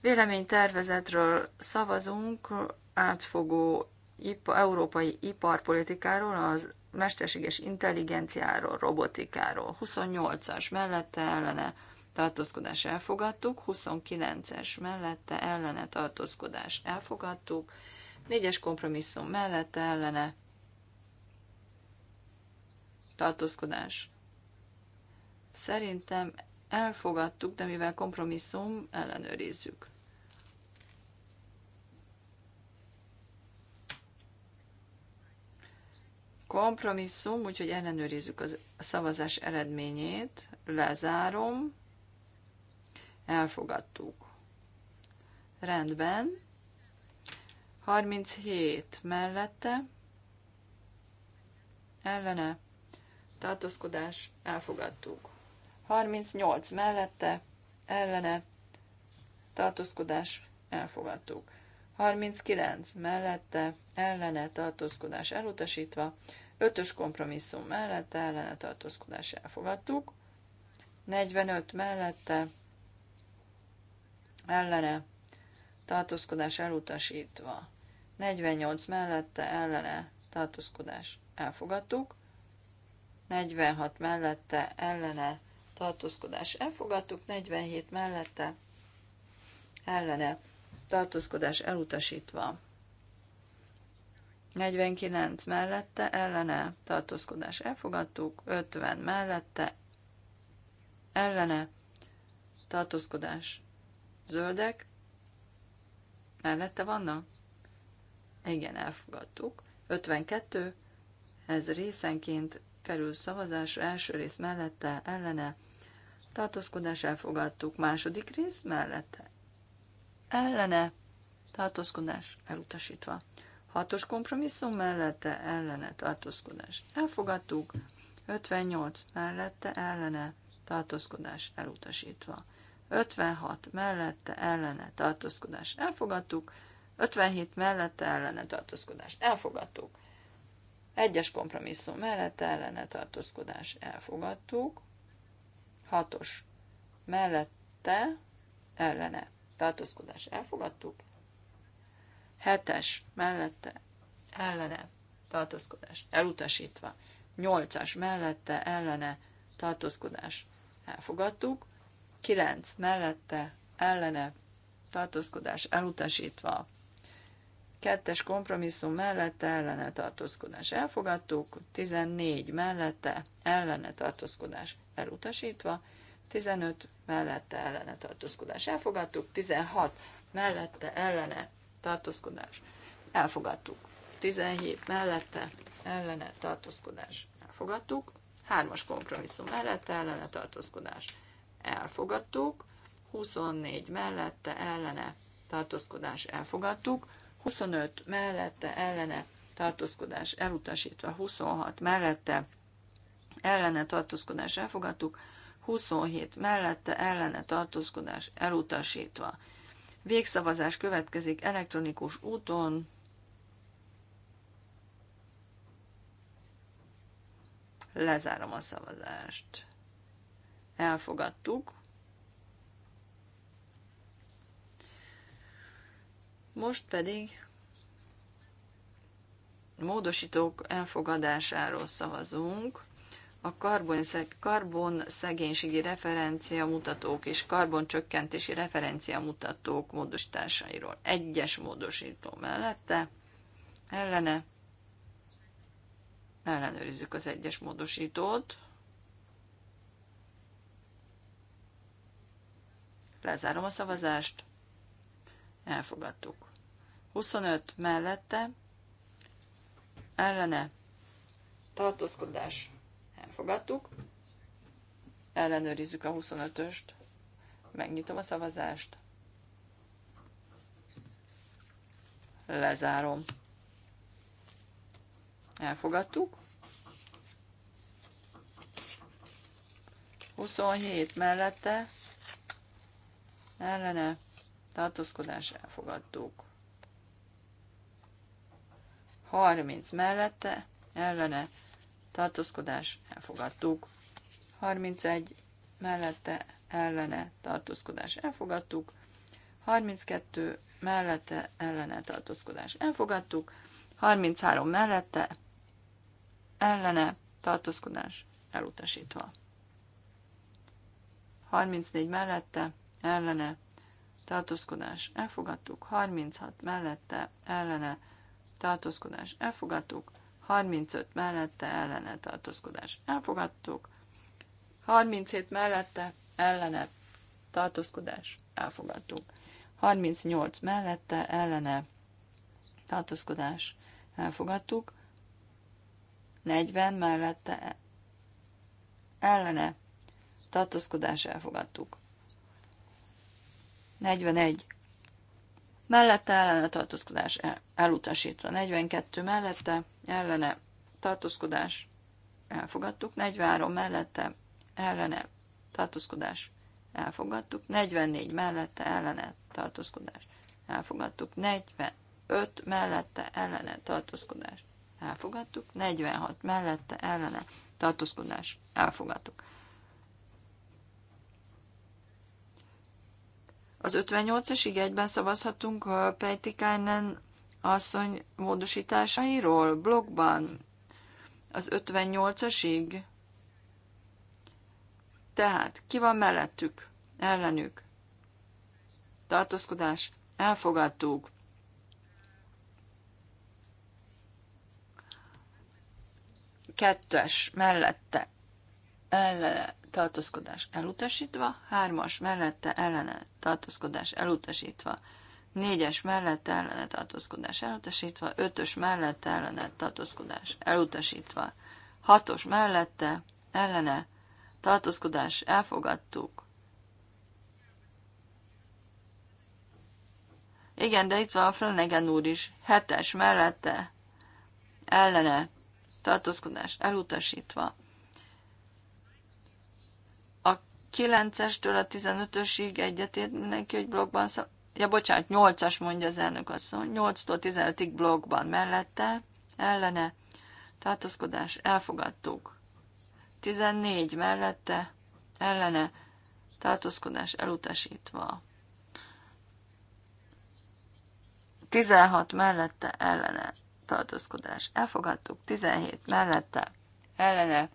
S1: Véleménytervezetről szavazunk átfogó ipa, európai iparpolitikáról, az mesterséges intelligenciáról, robotikáról. 28-as mellette ellene tartózkodás elfogadtuk, 29-es mellette ellene tartózkodás elfogadtuk, 4-es kompromisszum mellette ellene tartózkodás. Szerintem elfogadtuk, de mivel kompromisszum, ellenőrizzük. Kompromisszum, úgyhogy ellenőrizzük a szavazás eredményét, lezárom, elfogadtuk. Rendben. 37 mellette, ellene tartózkodás, elfogadtuk. 38 mellette, ellene, tartózkodás, elfogadtuk. 39 mellette, ellene, tartózkodás elutasítva, 5-ös kompromisszum mellette, ellene, tartózkodás elfogadtuk. 45 mellette, ellene, tartózkodás elutasítva, 48 mellette, ellene, tartózkodás elfogadtuk. 46 mellette ellene tartózkodás elfogadtuk, 47 mellette ellene tartózkodás elutasítva. 49 mellette ellene tartózkodás elfogadtuk, 50 mellette ellene tartózkodás zöldek mellette vannak? Igen, elfogadtuk. 52 ez részenként kerül szavazás első rész mellette, ellene, tartózkodás elfogadtuk, második rész mellette, ellene, tartózkodás elutasítva. Hatos kompromisszum mellette, ellene, tartózkodás elfogadtuk, 58 mellette, ellene, tartózkodás elutasítva. 56 mellette, ellene, tartózkodás elfogadtuk, 57 mellette, ellene, tartózkodás elfogadtuk. Egyes kompromisszum mellett ellene tartózkodás elfogadtuk. Hatos mellette ellene tartózkodás elfogadtuk. Hetes mellette ellene tartózkodás elutasítva. Nyolcas mellette ellene tartózkodás elfogadtuk. Kilenc mellette ellene tartózkodás elutasítva kettes kompromisszum mellette ellene tartózkodás elfogadtuk, 14 mellette ellene tartózkodás elutasítva, 15 mellette ellene tartózkodás elfogadtuk, 16 mellette ellene tartózkodás elfogadtuk, 17 mellette ellene tartózkodás elfogadtuk, 3-as kompromisszum mellette ellene tartózkodás elfogadtuk, 24 mellette ellene tartózkodás elfogadtuk, 25 mellette ellene tartózkodás elutasítva, 26 mellette ellene tartózkodás elfogadtuk, 27 mellette ellene tartózkodás elutasítva. Végszavazás következik elektronikus úton. Lezárom a szavazást. Elfogadtuk. Most pedig módosítók elfogadásáról szavazunk. A karbon szegénységi referencia mutatók és karbon csökkentési referencia mutatók módosításairól. Egyes módosító mellette, ellene, ellenőrizzük az egyes módosítót. Lezárom a szavazást. Elfogadtuk. 25 mellette ellene tartózkodás elfogadtuk. Ellenőrizzük a 25-öst. Megnyitom a szavazást. Lezárom. Elfogadtuk. 27 mellette ellene tartózkodás elfogadtuk. 30 mellette, ellene, tartózkodás, elfogadtuk. 31 mellette, ellene, tartózkodás, elfogadtuk. 32 mellette, ellene, tartózkodás, elfogadtuk. 33 mellette, ellene, tartózkodás, elutasítva. 34 mellette, ellene, tartózkodás, elfogadtuk. 36 mellette, ellene, tartózkodás elfogadtuk, 35 mellette ellene tartózkodás elfogadtuk, 37 mellette ellene tartózkodás elfogadtuk, 38 mellette ellene tartózkodás elfogadtuk, 40 mellette ellene tartózkodás elfogadtuk. 41 mellette ellene tartózkodás e- elutasítva, 42 mellette ellene tartózkodás elfogadtuk, 43 mellette ellene tartózkodás elfogadtuk, 44 mellette ellene tartózkodás elfogadtuk, 45 mellette ellene tartózkodás elfogadtuk, 46 mellette ellene tartózkodás elfogadtuk. Az 58-as igényben szavazhatunk Pejtikánen asszony módosításairól blogban az 58 ig. Tehát ki van mellettük, ellenük? Tartózkodás, elfogadtuk. Kettes, mellette, ellen, tartózkodás elutasítva, hármas mellette ellene tartózkodás elutasítva, négyes mellette ellene tartózkodás elutasítva, ötös mellette ellene tartózkodás elutasítva, hatos mellette ellene tartózkodás elfogadtuk. Igen, de itt van a Flanagan úr is, hetes mellette ellene tartózkodás elutasítva, 9-estől a 15-ösig egyetért mindenki, hogy blogban szab... Ja, bocsánat, 8-as mondja az elnök asszony. 8-tól 15-ig blogban mellette, ellene, tartózkodás, elfogadtuk. 14 mellette, ellene, tartózkodás elutasítva. 16 mellette, ellene, tartózkodás, elfogadtuk. 17 mellette, ellene,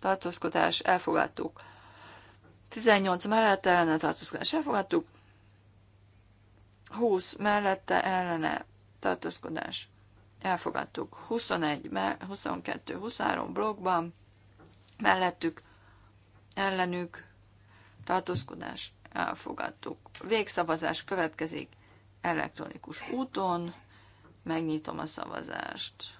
S1: tartózkodás, elfogadtuk. 18 mellette ellene tartózkodás elfogadtuk, 20 mellette ellene tartózkodás elfogadtuk, 21, 22, 23 blogban mellettük, ellenük tartózkodás elfogadtuk. Végszavazás következik elektronikus úton, megnyitom a szavazást.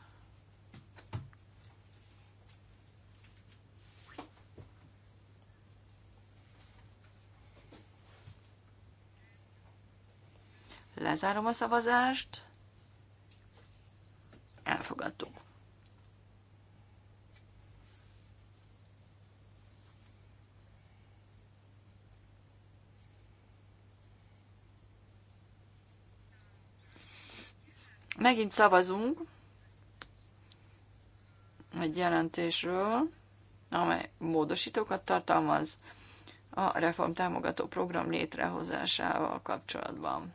S1: Lezárom a szavazást. Elfogadtuk. Megint szavazunk egy jelentésről, amely módosítókat tartalmaz a reformtámogató program létrehozásával kapcsolatban.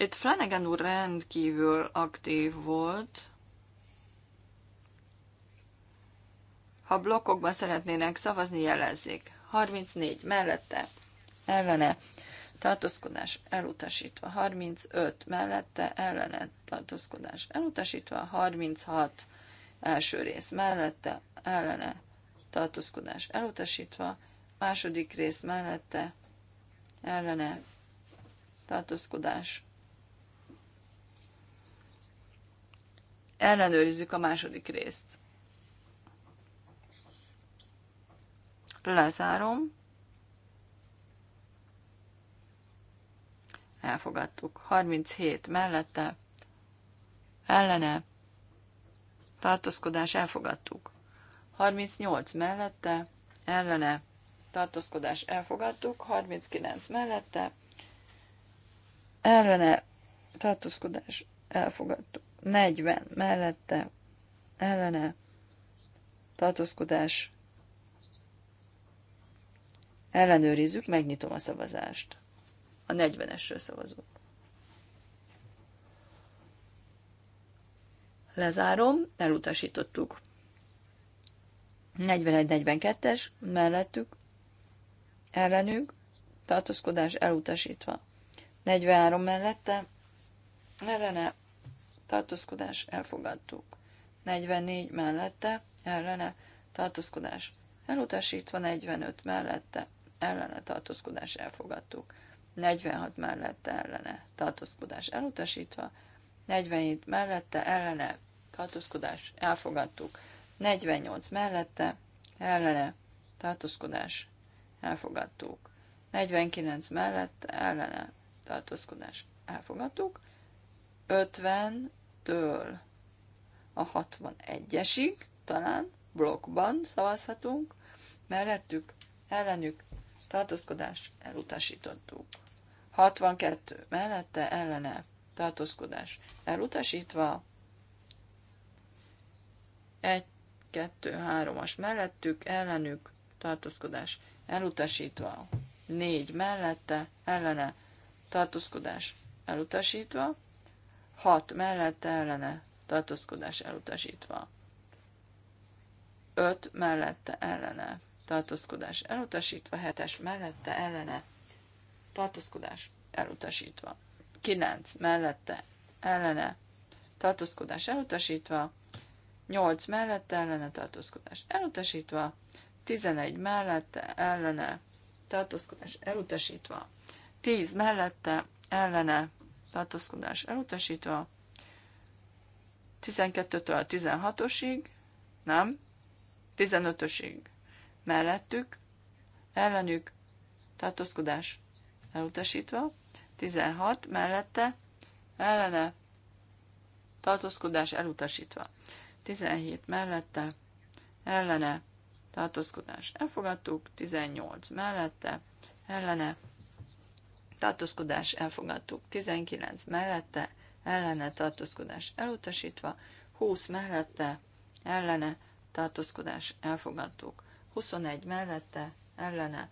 S1: Itt Flanagan úr rendkívül aktív volt. Ha blokkokban szeretnének szavazni, jelezzék. 34 mellette, ellene, tartózkodás elutasítva. 35 mellette, ellene, tartózkodás elutasítva. 36 első rész mellette, ellene, tartózkodás elutasítva. Második rész mellette, ellene, tartózkodás ellenőrizzük a második részt. Lezárom. Elfogadtuk. 37 mellette, ellene, tartózkodás, elfogadtuk. 38 mellette, ellene, tartózkodás, elfogadtuk. 39 mellette, ellene, tartózkodás, elfogadtuk. 40 mellette ellene tartózkodás ellenőrizzük, megnyitom a szavazást. A 40-esről szavazunk. Lezárom, elutasítottuk. 41-42-es, mellettük, ellenük, tartózkodás elutasítva. 43 mellette, ellene, tartózkodás elfogadtuk. 44 mellette, ellene, tartózkodás elutasítva, 45 mellette, ellene, tartózkodás elfogadtuk. 46 mellette, ellene, tartózkodás elutasítva, 47 mellette, ellene, tartózkodás elfogadtuk. 48 mellette, ellene, tartózkodás elfogadtuk. 49 mellette, ellene tartózkodás elfogadtuk, 50 1-től a 61-esig talán blokkban szavazhatunk, mellettük, ellenük tartózkodás elutasítottuk. 62 mellette ellene tartózkodás elutasítva, 1, 2, 3-as mellettük, ellenük tartózkodás elutasítva, 4 mellette, ellene tartózkodás elutasítva, 6 mellette ellene tartózkodás elutasítva. 5 mellette ellene tartózkodás elutasítva, 7 mellette ellene tartózkodás elutasítva. 9 mellette ellene tartózkodás elutasítva, 8 mellette ellene tartózkodás elutasítva, 11 mellette ellene tartózkodás elutasítva, 10 mellette ellene tartózkodás elutasítva, 12-től 16-osig, nem, 15-ösig mellettük, ellenük, tartózkodás elutasítva, 16 mellette, ellene, tartózkodás elutasítva, 17 mellette, ellene, tartózkodás elfogadtuk, 18 mellette, ellene, tartózkodás elfogadtuk 19 mellette, ellene tartózkodás elutasítva, 20 mellette, ellene tartózkodás elfogadtuk, 21 mellette, ellene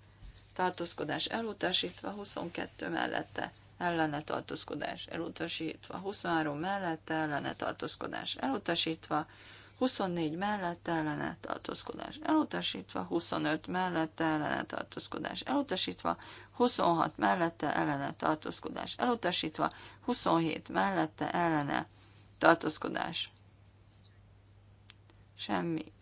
S1: tartózkodás elutasítva, 22 mellette, ellene tartózkodás elutasítva, 23 mellette, ellene tartózkodás elutasítva, 24 mellett ellene tartózkodás elutasítva, 25 mellett ellene tartózkodás elutasítva, 26 mellette ellene tartózkodás elutasítva, 27 mellette ellene tartózkodás. Semmi.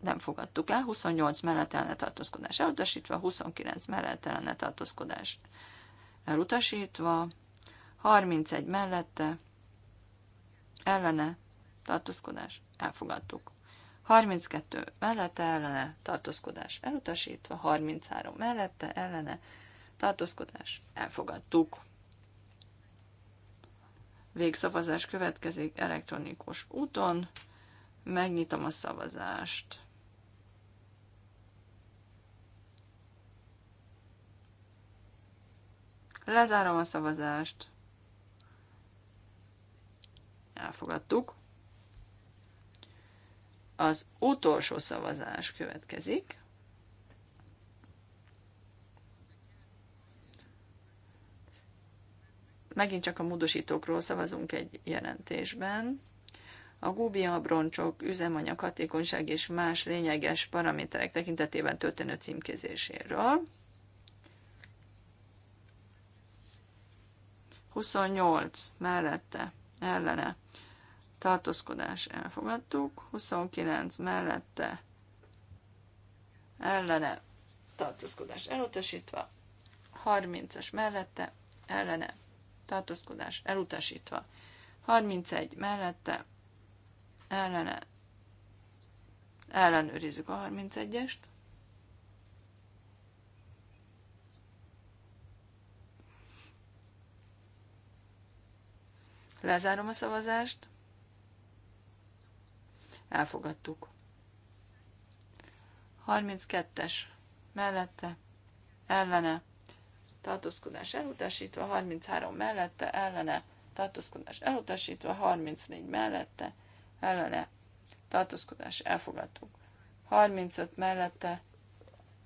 S1: Nem fogadtuk el. 28 mellett ellene tartózkodás elutasítva, 29 mellette, ellene tartózkodás elutasítva, 31 mellette ellene tartózkodás elfogadtuk. 32 mellette ellene tartózkodás elutasítva, 33 mellette ellene tartózkodás, elfogadtuk. Végszavazás következik elektronikus úton, megnyitom a szavazást. Lezárom a szavazást. Elfogadtuk. Az utolsó szavazás következik. megint csak a módosítókról szavazunk egy jelentésben. A gúbiabroncsok üzemanyag hatékonyság és más lényeges paraméterek tekintetében történő címkézéséről. 28 mellette, ellene, tartózkodás elfogadtuk, 29 mellette, ellene, tartózkodás elutasítva, 30-as mellette, ellene, tartózkodás elutasítva. 31 mellette ellene ellenőrizzük a 31-est. Lezárom a szavazást. Elfogadtuk. 32-es mellette ellene tartózkodás elutasítva, 33 mellette, ellene, tartózkodás elutasítva, 34 mellette, ellene, tartózkodás elfogadtuk. 35 mellette,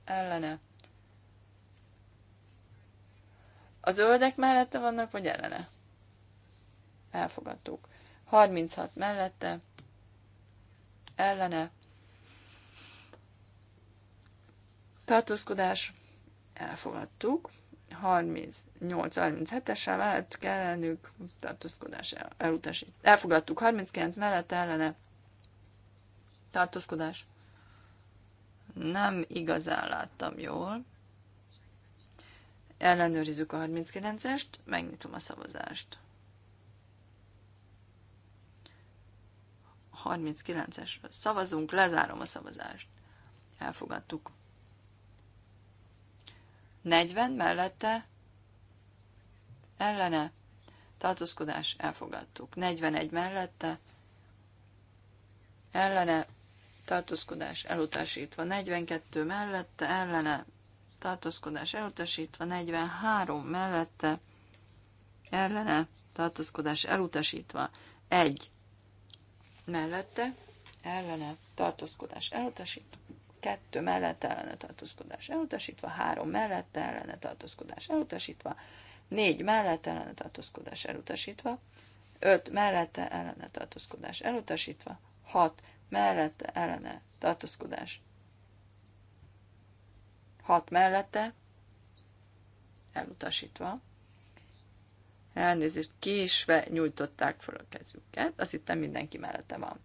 S1: ellene. A zöldek mellette vannak, vagy ellene? Elfogadtuk. 36 mellette, ellene, tartózkodás, elfogadtuk. 38-37-essel mellett ellenük tartózkodás elutasít. Elfogadtuk 39 mellett ellene tartózkodás. Nem igazán láttam jól. Ellenőrizzük a 39-est, megnyitom a szavazást. 39-esről szavazunk, lezárom a szavazást. Elfogadtuk 40 mellette ellene tartózkodás elfogadtuk. 41 mellette ellene tartózkodás elutasítva. 42 mellette ellene tartózkodás elutasítva. 43 mellette ellene tartózkodás elutasítva. 1 mellette ellene tartózkodás elutasítva kettő mellett ellene tartózkodás elutasítva, három mellett ellene tartózkodás elutasítva, négy mellett ellene tartózkodás elutasítva, öt mellette ellene tartózkodás elutasítva, hat mellette ellene tartózkodás, hat mellette elutasítva, elnézést, késve nyújtották fel a kezüket, azt hittem mindenki mellette van.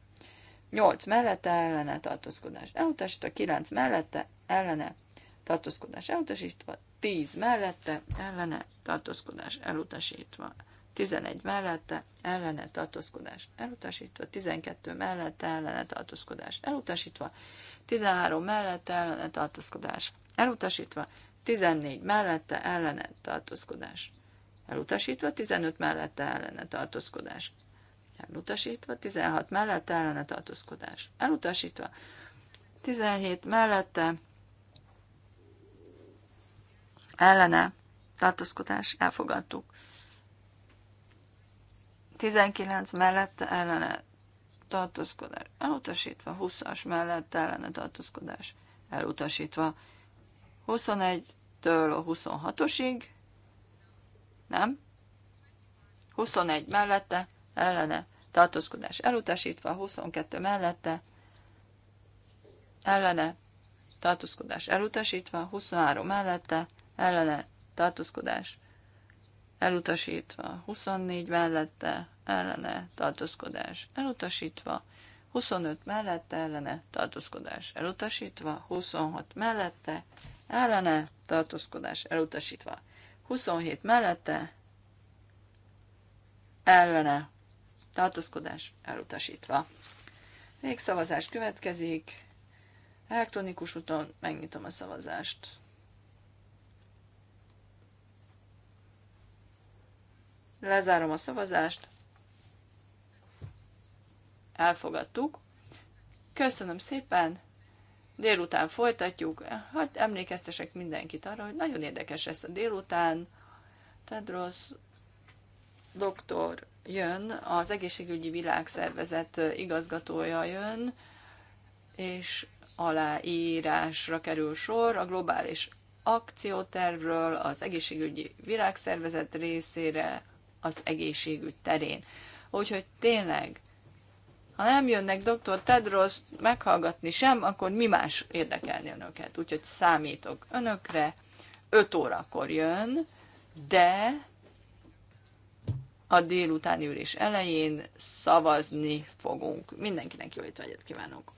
S1: 8 mellette ellene tartózkodás elutasítva, 9 mellette ellene tartózkodás elutasítva, 10 mellette ellene tartózkodás elutasítva, 11 mellette ellene tartózkodás elutasítva, 12 mellette ellene tartózkodás elutasítva, 13 mellette ellene tartózkodás elutasítva, 14 mellette ellene tartózkodás elutasítva, 15 mellette ellene tartózkodás elutasítva, 16 mellette ellene tartózkodás elutasítva, 17 mellette ellene tartózkodás elfogadtuk. 19 mellette ellene tartózkodás elutasítva, 20-as mellette ellene tartózkodás elutasítva, 21-től a 26-osig, nem? 21 mellette ellene tartózkodás elutasítva, 22 mellette ellene tartózkodás elutasítva, 23 mellette ellene tartózkodás elutasítva, 24 mellette ellene tartózkodás elutasítva, 25 mellette ellene tartózkodás elutasítva, 26 mellette ellene tartózkodás elutasítva, 27 mellette ellene tartózkodás elutasítva. Végszavazás következik. Elektronikus úton megnyitom a szavazást. Lezárom a szavazást. Elfogadtuk. Köszönöm szépen. Délután folytatjuk. Hát emlékeztesek mindenkit arra, hogy nagyon érdekes lesz a délután. Tedros doktor jön, az egészségügyi világszervezet igazgatója jön, és aláírásra kerül sor a globális akciótervről, az egészségügyi világszervezet részére, az egészségügy terén. Úgyhogy tényleg, ha nem jönnek dr. Tedros meghallgatni sem, akkor mi más érdekelni önöket? Úgyhogy számítok önökre, 5 órakor jön, de a délutáni ülés elején szavazni fogunk. Mindenkinek jó étvágyat kívánok!